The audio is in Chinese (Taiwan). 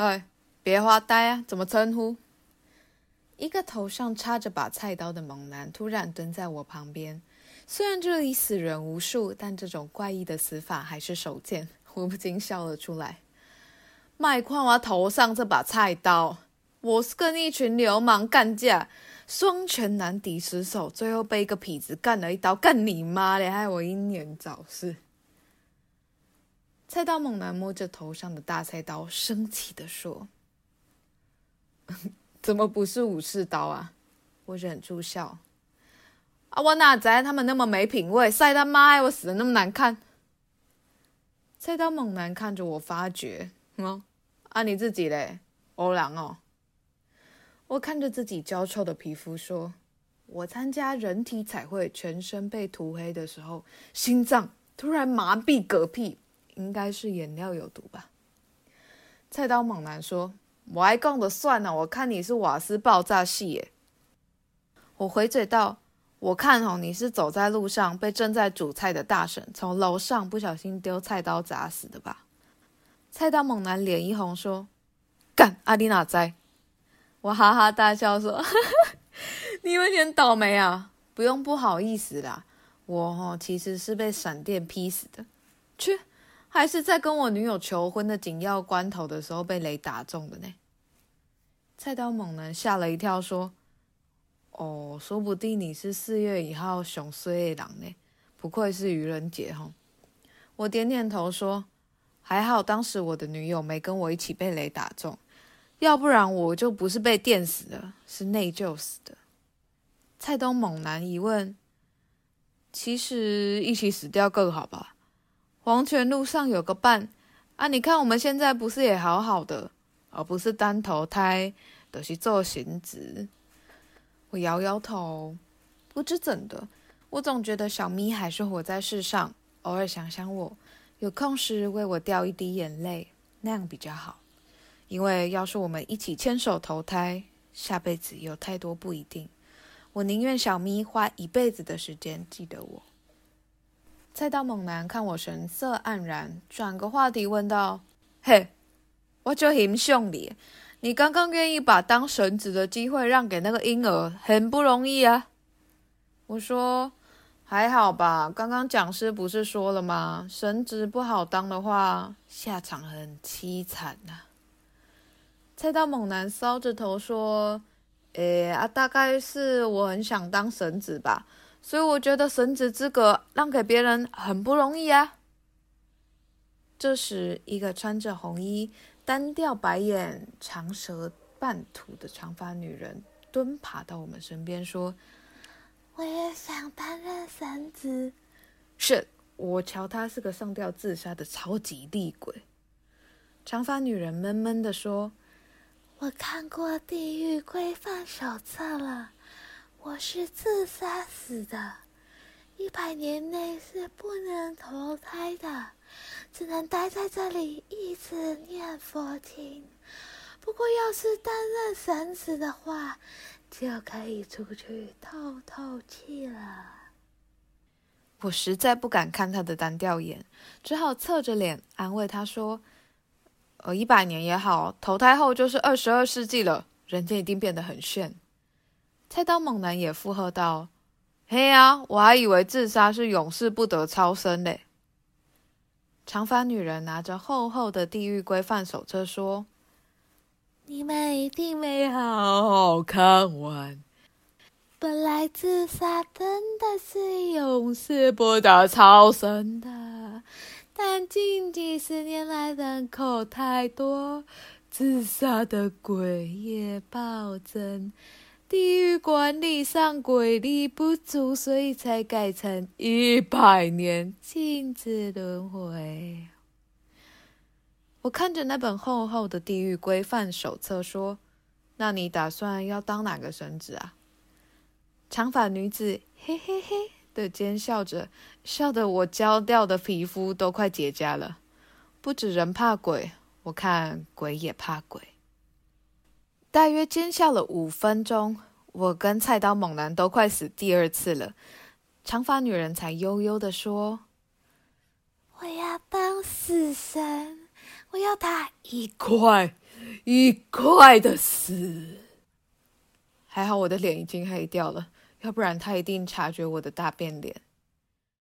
哎，別發呆啊！怎麼稱呼？一個頭上插着把菜刀的猛男突然蹲在我旁邊。雖然這裡死人無數，但這種怪異的死法還是少見，我不禁笑了出來。賣礦娃頭上這把菜刀，我是跟一群流氓幹架，雙拳難敵十手，最後被一個痞子幹了一刀，幹你媽的，害我英年早逝。菜刀猛男摸着頭上的大菜刀，生氣地說呵呵：“怎麼不是武士刀啊？”我忍住笑。啊，我哪知他們那麼沒品味，曬他媽！我死得那麼難看。菜刀猛男看着我，發覺嗯、哦，啊，你自己嘞，歐郎哦。我看着自己焦臭的皮膚，說：“我參加人體彩繪，全身被塗黑的時候，心臟突然麻痹，嗝屁。”應該是顏料有毒吧？菜刀猛男說：“我愛幹的算了，啊，我看你是瓦斯爆炸系耶。”我回嘴道：“我看哦，你是走在路上被正在煮菜的大嬸從樓上不小心丟菜刀砸死的吧？”菜刀猛男臉一紅說：“幹啊你哪哉。啊”我哈哈大笑說：“ 你有點倒霉啊？不用不好意思啦，我哦其實是被閃電劈死的，去。”還是在跟我女友求婚的緊要關頭的時候被雷打中的呢？菜刀猛男嚇了一跳，說：“哦，說不定你是四月一號凶死的狼呢，不愧是愚人節哈。”我點點頭說：“還好當時我的女友沒跟我一起被雷打中，要不然我就不是被電死的，是內疚死的。”菜刀猛男疑問：“其實一起死掉更好吧？”黃泉路上有個伴啊！你看我們現在不是也好好的？而、啊、不是單投胎都、就是做行子。我搖搖頭，不知怎的，我總覺得小咪還是活在世上，偶爾想想我，有空時為我掉一滴眼淚，那樣比較好。因為要是我們一起牽手投胎，下輩子有太多不一定，我寧願小咪花一輩子的時間記得我。菜刀猛男看我神色黯然，轉個話題問道：「嘿，我就很 i 你。兄弟，你剛剛願意把當神子的機會讓給那個嬰兒，很不容易啊。”我說：“還好吧，剛剛講師不是說了嗎？神子不好當的話，下場很淒慘吶、啊。”菜刀猛男搔着頭說：“哎啊，大概是我很想當神子吧。”所以我覺得神職資格讓給別人很不容易啊！這時，一個穿着紅衣、單調白眼、長舌半吐的長髮女人蹲爬到我們身邊說：“我也想擔任神職。”“是我瞧她是個上吊自殺的超級厲鬼。”長髮女人悶悶地說：“我看過《地獄規範手冊》了。”我是自殺死的，一百年內是不能投胎的，只能待在這裡一直念佛經。不過，要是擔任神職的話，就可以出去透透氣了。我實在不敢看他的單調眼，只好側着臉安慰他說：“呃，一百年也好，投胎後就是二十二世紀了，人間一定變得很炫。”菜刀猛男也附和道：“嘿呀、啊，我還以為自殺是永世不得超生嘞。”長髮女人拿着厚厚的《地獄規範手冊》說：“你們一定沒好好看完。本來自殺真的是永世不得超生的，但近幾十年來人口太多，自殺的鬼也暴增。”地獄管理上鬼力不足，所以才改成一百年禁止輪回。我看着那本厚厚的地獄規範手冊說：“那你打算要當哪個神職啊？”長髮女子嘿嘿嘿的尖笑着，笑得我焦掉的皮膚都快結痂了。不止人怕鬼，我看鬼也怕鬼。大約尖叫了五分鐘，我跟菜刀猛男都快死第二次了。長髮女人才悠悠地說：“我要當死神，我要他一塊一塊的死。”還好我的臉已經黑掉了，要不然他一定察覺我的大變臉。